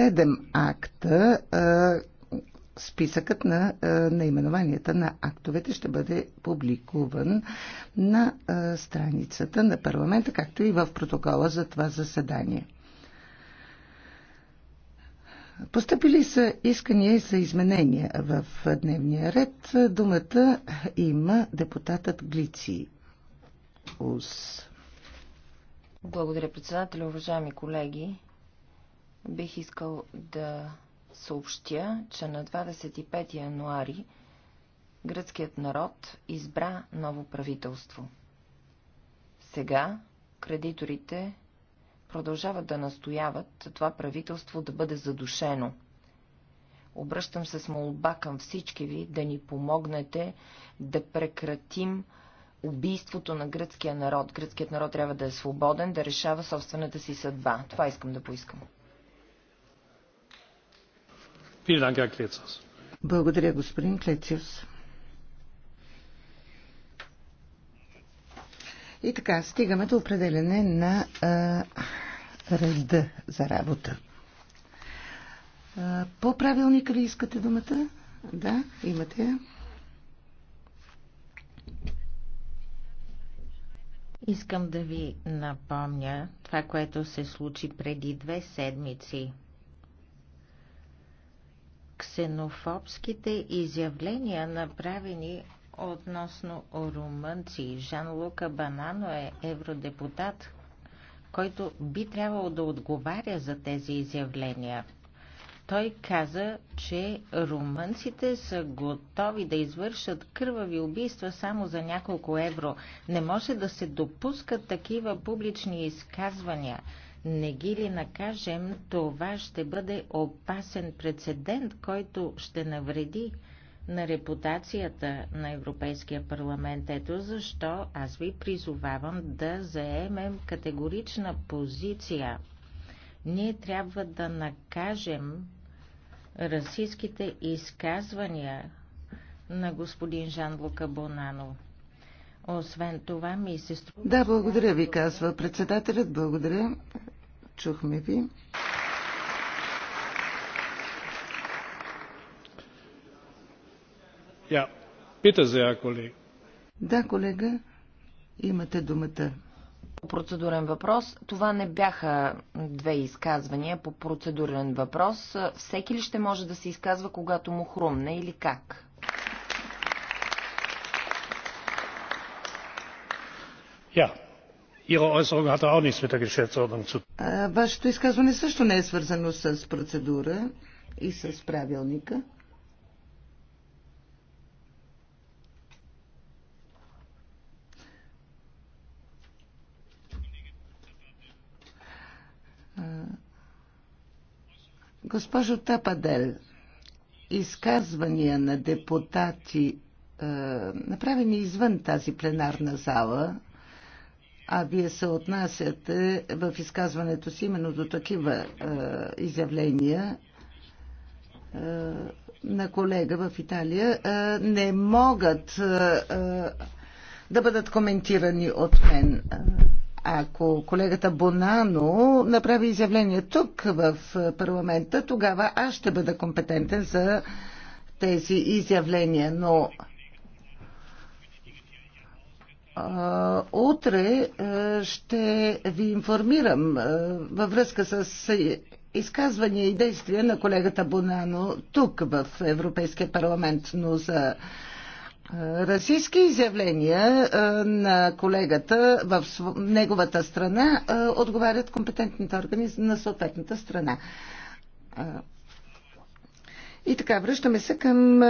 седем акта списъкът на наименованията на актовете ще бъде публикуван на страницата на парламента, както и в протокола за това заседание. Постъпили са искания за изменения в дневния ред. Думата има депутатът Глици. Ус. Благодаря, председателя. Уважаеми колеги, Бих искал да съобщя, че на 25 януари гръцкият народ избра ново правителство. Сега кредиторите продължават да настояват това правителство да бъде задушено. Обръщам се с молба към всички ви да ни помогнете да прекратим убийството на гръцкия народ. Гръцкият народ трябва да е свободен, да решава собствената си съдба. Това искам да поискам. Благодаря, господин Клециус. И така, стигаме до определене на а, реда за работа. по правилника ли искате думата? Да, имате я. Искам да ви напомня това, което се случи преди две седмици – ксенофобските изявления, направени относно румънци. Жан Лука Банано е евродепутат, който би трябвало да отговаря за тези изявления. Той каза, че румънците са готови да извършат кървави убийства само за няколко евро. Не може да се допускат такива публични изказвания не ги ли накажем, това ще бъде опасен прецедент, който ще навреди на репутацията на Европейския парламент. Ето защо аз ви призовавам да заемем категорична позиция. Ние трябва да накажем расистските изказвания на господин Жан-Лука Бонано. Освен това ми се струва... Да, благодаря ви, казва председателят. Благодаря. Чухме ви. Ja, bitte sehr, колега. Да, колега, имате думата. Процедурен въпрос. Това не бяха две изказвания по процедурен въпрос. Всеки ли ще може да се изказва, когато му хрумне или как? Ja, Ihre Äußerung hatte auch nichts mit der Geschäftsordnung zu tun. Вашето изказване също не е свързано с процедура и с правилника. Госпожо Тападел, изказвания на депутати, направени извън тази пленарна зала, а вие се отнасяте в изказването си именно до такива е, изявления е, на колега в Италия, е, не могат е, е да бъдат коментирани от мен. Е, ако колегата Бонано направи изявление тук в парламента, тогава аз ще бъда компетентен за тези изявления, но Утре е, ще ви информирам е, във връзка с изказвания и действия на колегата Бонано тук в Европейския парламент, но за е, Расистски изявления на колегата в неговата страна отговарят компетентните органи на съответната страна. И така, връщаме се към